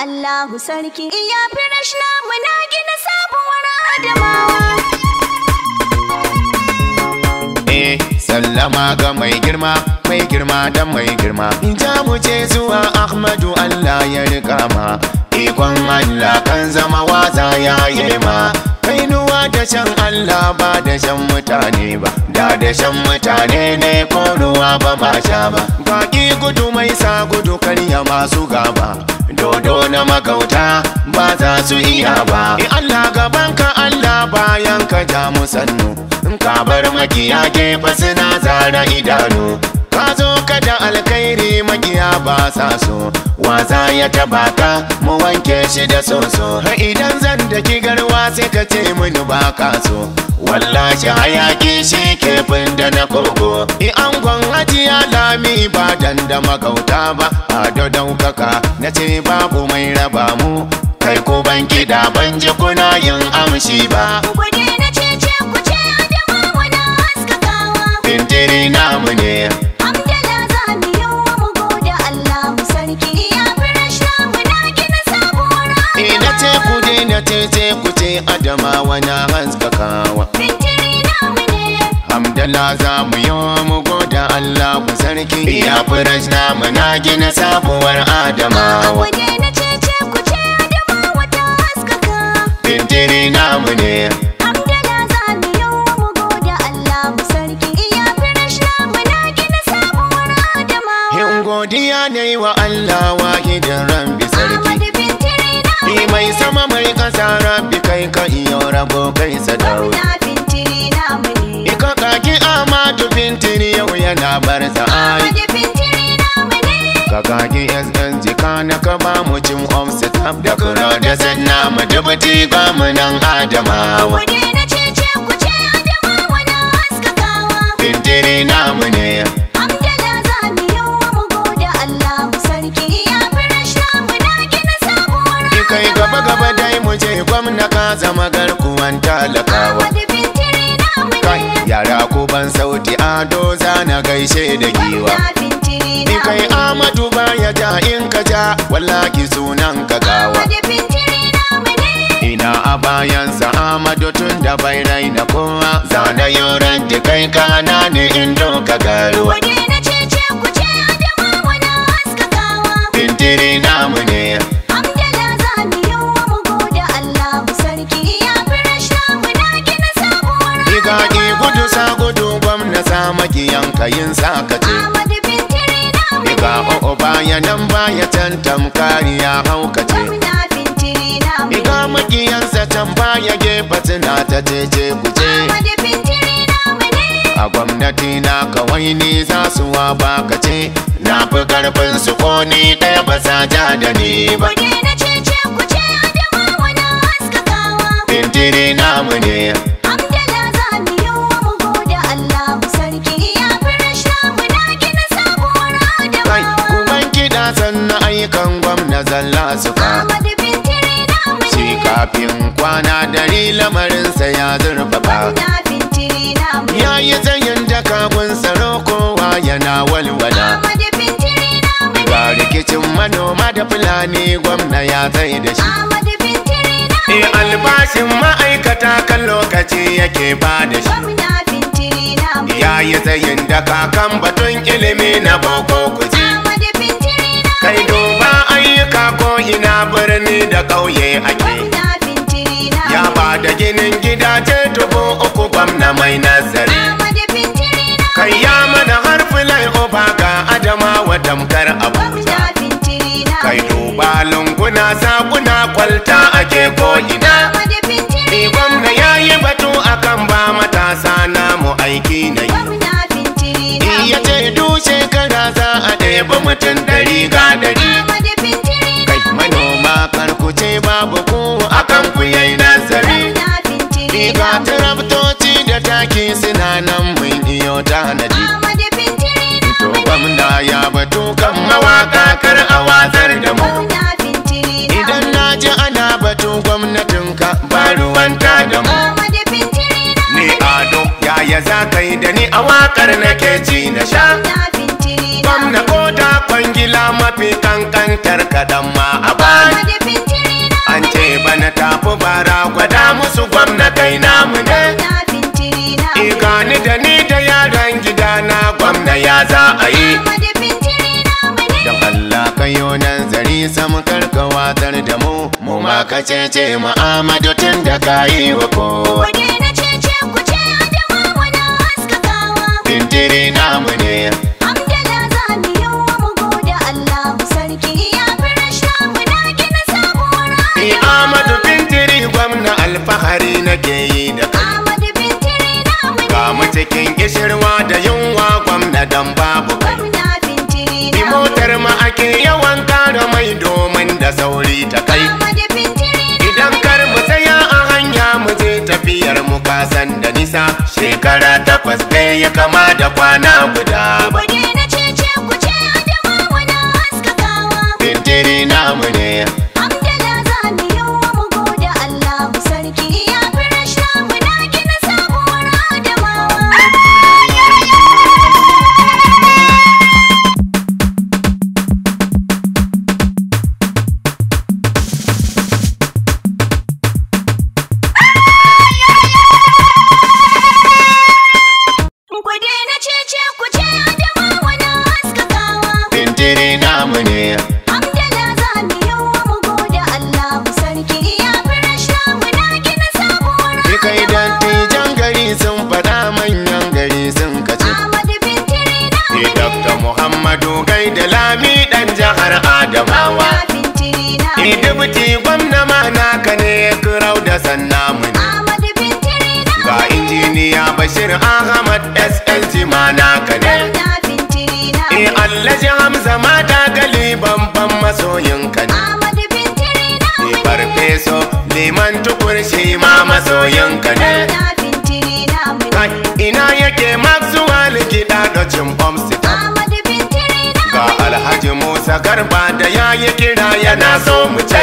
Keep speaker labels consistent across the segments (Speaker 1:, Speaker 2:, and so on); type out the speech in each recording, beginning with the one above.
Speaker 1: Allahu sarki iya firash na muna
Speaker 2: gina sabuwar adamawa
Speaker 3: eh sallama ga mai girma mai girma da mai girma ja mu ce zuwa Ahmadu Allah ya rika ma ikon Allah kan zama waza ya yi ma da Allah ba dashen mutane ba da da mutane ne ko ruwa ba ma sha ba gaki gudu mai sa gudu karya masu gaba dodo na makauta ba za su iya ba in Allah gaban ka Allah bayan ka ja mu sannu in ka bar makiya gefe suna zara idanu ka zo ka da alkhairi makiya ba sa so Waza ya tabaka mu wanke shi da soso har idan zan daki garwa sai ka ce mini ba ka so wallahi hayaki shi kefin da na kogo i angon hajiya lami ba dan da makauta ba a da daukaka na ce babu mai raba mu kai ko ban kida ban ji kuna yin amshi ba ne na ce ce ku ce adama haskakawa Bintiri namu ne haskawa hans haskakawa
Speaker 2: Bintiri
Speaker 3: Hamdala za mu yi mu goda Allah ku sarki Iya furas na na gina sabuwar Adamawa
Speaker 2: ne na ce-ce ku ce Adamawa
Speaker 3: ta haskaka Bintiri namu ne na ka mu cin omset da kura da sanna mu dubuti ba mu nan adamawa
Speaker 2: na cece ce adamawa
Speaker 3: na haskakawa bintiri namu ne hamdala za mu mu gode Allah sarki ya fi rasha mu na sabuwar kai gaba gaba dai mu je gwamna ka zama garkuwan talakawa yara ko ban sauti ado zana gaishe da giwa wanda ki sunan kagawa Ina a bayan za'ama dutun da bairai na kowa Zana yoran da kai kana ne indo ka garo Wage na cece ku ce adama wana askatawa Pintiri na mune Amdala za mu yawa mu gode Allah sarki Ya firash na mu na gina sabuwar Iga ki gudu sa gudu gwam na sama ki yanka yin sakace
Speaker 2: Amadi pintiri
Speaker 3: na mune Iga o'o bayan nan baya ta damkari ya haukace Iga makiyansa can baya gefe tana ta cece kuce A gwamnati na kawai ni za su wa baka ce Na fi karfin su ko daya ba sa ja da ni ba Kuke na cece kuce Bintiri namu ne kwana dari lamarinsa ya zurfafa ya yi tsayin jakagun tsaro kowa yana walwala Ba rikicin manoma da fulani gwamna ya zai da shi e albashin ma'aikata kan lokaci yake ba da shi ya yi daga kan batun ilimi na boko kuji kai duba ayyuka ko ina birni da ƙauye ake da ginin gidaje dubu uku gwamna mai nazari
Speaker 4: kai ya mana
Speaker 3: harfi oba ga adama wa damkar abuja kai duba lunguna sakuna kwalta ake ko ina ni gwamna ya yi batu akan ba matasa namu aiki na yi iya ce du shekara za a ɗaya mutum ɗari ga ɗari dani da ni a wakar nake ji na sha gwamna ko ta kwangila mafi kankantar kadan ma a bani an ce bana tafi bara gwada musu gwamna kai namu ne igani e, da ni da yaran gida na gwamna ya za a yi don Allah yi nan zari karkawatar da mu mu ma ka cece mu amadu tun da kayi wa shekara takwas ɗaya ya kama da kwana guda babban masoyin ka Amadu bintiri na ne farfeso liman tukur shi ma masoyin ka ne Kai ina yake Maxwell gida da bomsi ta.
Speaker 2: Amadu bintiri
Speaker 3: na ga Alhaji Musa Garba da yayi kira yana so mu ce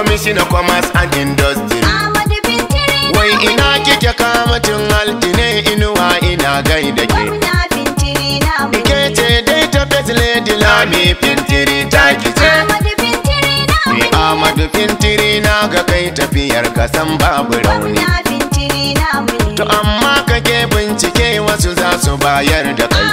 Speaker 3: of commerce and industry wai ina kike kamacin altine inuwa ina gaida ke Ike ce dai ta first lady lami fintiri ta kice Amadu fintiri na ga kai tafiyar kasan babu rauni
Speaker 1: To amma
Speaker 3: kake bincike wasu za su bayar da kai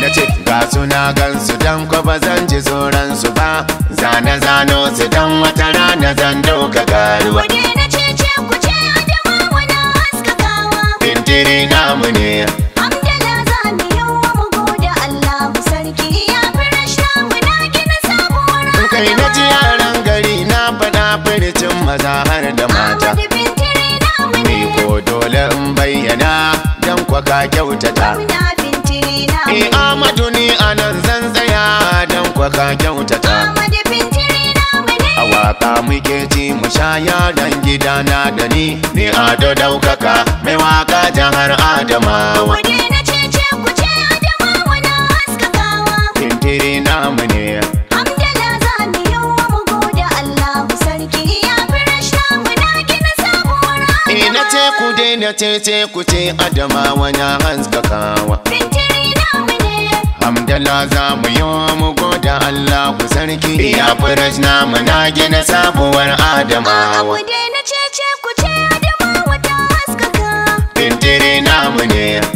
Speaker 3: Na ce ga suna gansu don ko ba zan ji tsoron su ba yara zano su dan wata rana zan doka garuwa Kuɗi
Speaker 2: na cece ku ce adamawa na
Speaker 3: haskakawa Bintiri namu ne Abdala za mu yi wa mu
Speaker 2: gode Allah mu sarki Iya fresh namu na gina
Speaker 3: sabuwar Adamawa Kai na ji yaran gari na faɗa firicin maza har da mata Amadu pintiri namu ne ko dole in bayyana dan kwa ka kyautata Amna
Speaker 1: pintiri namu eh, ne Amadu
Speaker 3: ni anan zan tsaya dan kwa ka kyautata waka muke ji mu sha yaran gida na da ni ni ado daukaka mai waka jihar adamawa Kintiri namu ne Amdala za mu yi
Speaker 2: wa mu gode Allah sarki ya fi rashin mu na
Speaker 3: gina sabuwar Ni Ina eh, ce ku dai na ce ce ku ce adamawa na haskakawa. Kintiri
Speaker 2: namu ne
Speaker 3: Amdala za mu yi ku sarki iya furaj na mana gina sabuwar adamawa. Abu
Speaker 2: dai na cece ku ce adamawa ta
Speaker 3: haskaka. Bintire namu ne.